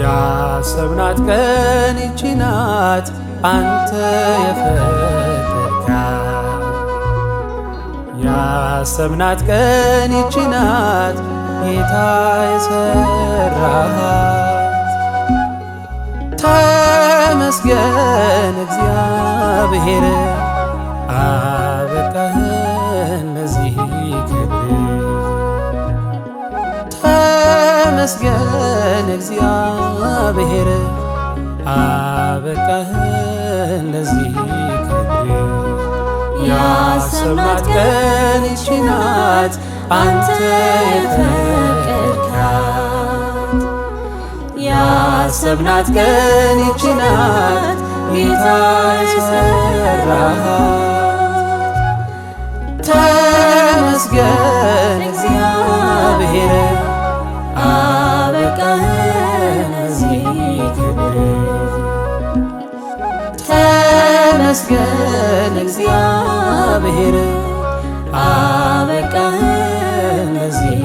ያሰብናት ቀን ይቺ ናት አንተ የፈጠርካት ያሰብናት ቀን ይህች ናት ጌታ የሰራሃት። ተመስገን እግዚአብሔር አበቃህን ለዚህ ክብር። ተመስገን እግዚአብሔር አበቃህን እንደዚህ ያሰብናት ቀን ይህች ናት አንተ የፈቀድካት ያሰብናት ቀን ይህች ናት ጌታ የሰራሃት ተመስገን እግዚአብሔር አበቃህ ይመስገን እግዚአብሔር አበቃህን ለዚህ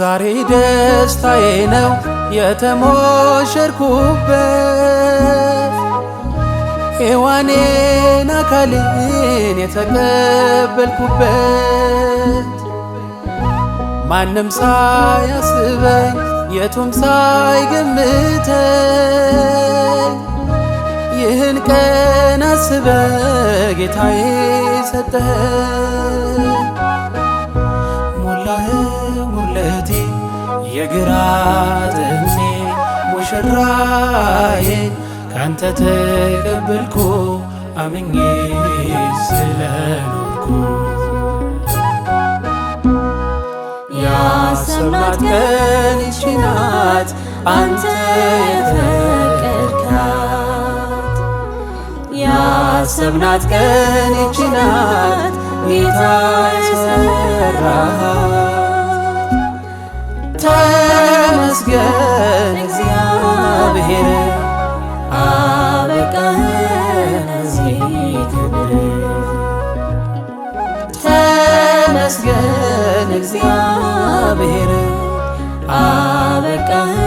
ዛሬ ደስታዬ ነው የተሞሸርኩበት ሔዋኔን አካልን የተቀበልኩበት ማንም ሳያስበኝ የቱም ሳይገምተኝ ይህን ቀን አስበ ጌታዬ ሰጠህ ሞላህ ሙለቴ የግራ ዘኔ ሙሽራዬ ካንተ ተቀበልኩ አምኜ ስለኖርኩ ያሰማት ቀን ይህች አንተ የፈቀድካት ያሰብናት ቀን ይህች ናት ጌታ የሰራሃት ተመስገን እግዚአብሔር አበቃህን እዚህ ክብር ተመስገን እግዚአብሔር አበቃህን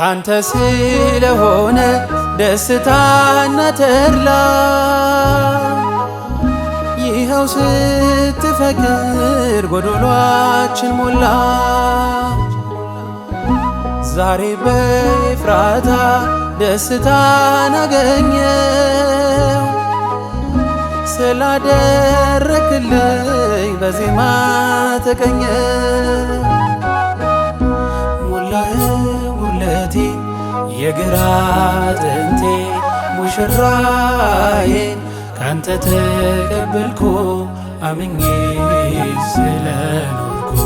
ካንተ ስለሆነ ደስታና ተድላ ይኸው ስትፈቅድ ጎዶሏችን ሞላ። ዛሬ በኤፍራታ ደስታን አገኘው ስላደረክልኝ በዜማ ተቀኘ ሞላ የግራ ጥንቴ ሙሽራዬ ካንተ ተቀበልኩ አምኜ ስለኖርኩ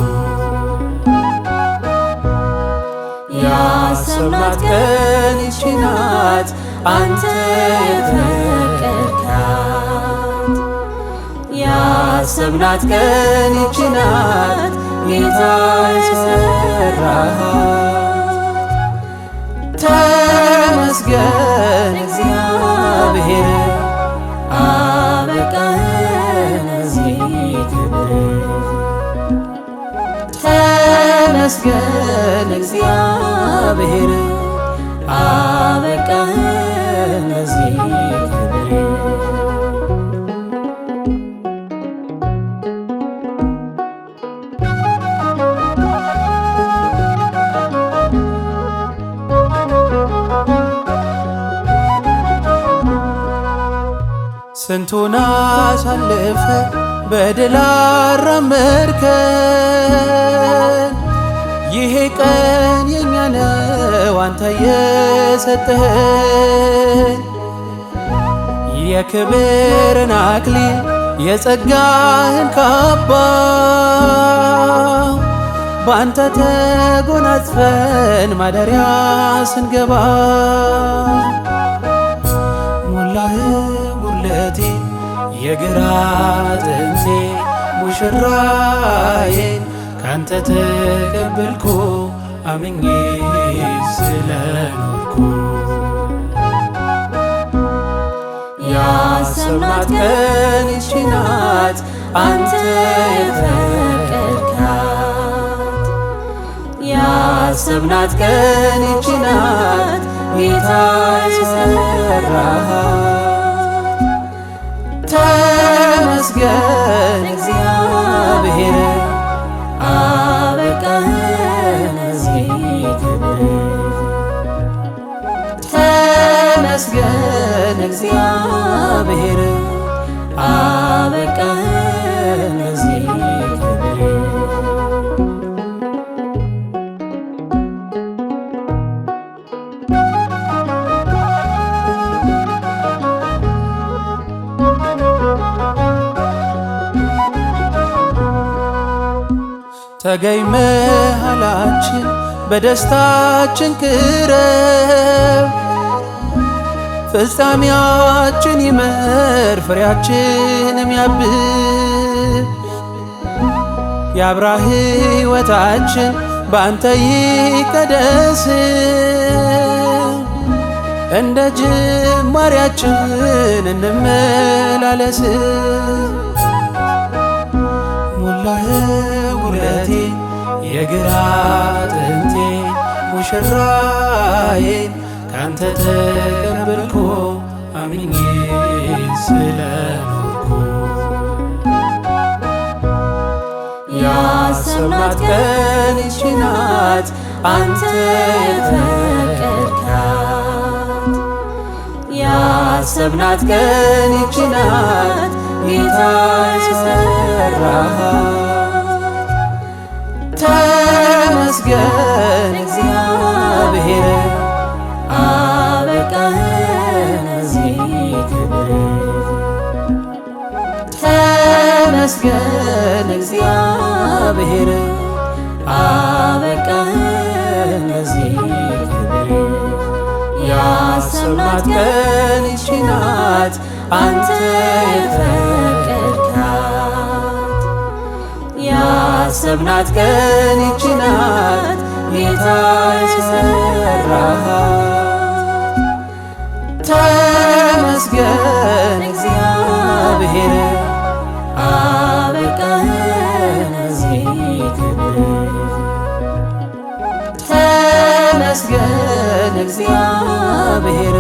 ያሰብናት ቀን ይህች ናት አንተ የፈቀድካት ያሰብናት ቀን ይህች ናት ጌታ የሰራሃት ተመስገን እግዚአብሔር አበቃህን እዚህ ክብር ተመስገን እግዚአብሔር ስንቱን አሳልፈ በድል አራመድከን። ይሄ ቀን የኛ ነው አንተ የሰጠህን የክብርን አክሊል የጸጋህን ካባ በአንተ ተጎናጽፈን ማደሪያ ስንገባ የግራ ጥምሴ ሙሽራዬን ካንተ ተቀበልኩ አምኜ ስለኖርኩ ያሰብናት ቀን ይህች ናት አንተ የፈቀድካት ያሰብናት ቀን ይህች ናት ጌታ የሰራሃት ተመስገን እግዚአብሔር አበቃህን ለዚህ ክብር ተመስገን እግዚአብሔር አበቃህን ተገኝ መሃላችን በደስታችን ቅረብ፣ ፍጻሜያችን ይመር ፍሬያችንም ያብ ያብራ ሕይወታችን በአንተ ይቀደስ፣ እንደ ጅማሪያችን እንመላለስ። አባህ ጉረቴ የግራ ጥንቴ ሙሽራዬ ካንተ ተቀበልኩ አምኜ ስለኖርኩ ያሰብናት ቀን ይህች ናት አንተ የፈቀድካት ያሰብናት ቀን ይህች ናት ጌታ ተመስገን እግዚአብሔር አበቃህን እዚህ ክብር ተመስገን እግዚአብሔር እዚህ ክብር ያሰብናት ቀን ይችናት አንተ ያሰብናት ቀን ይህች ናት ጌታ የሰራሃት። ተመስገን እግዚአብሔር አበቃህን ለዚህ ክብር። ተመስገን እግዚአብሔር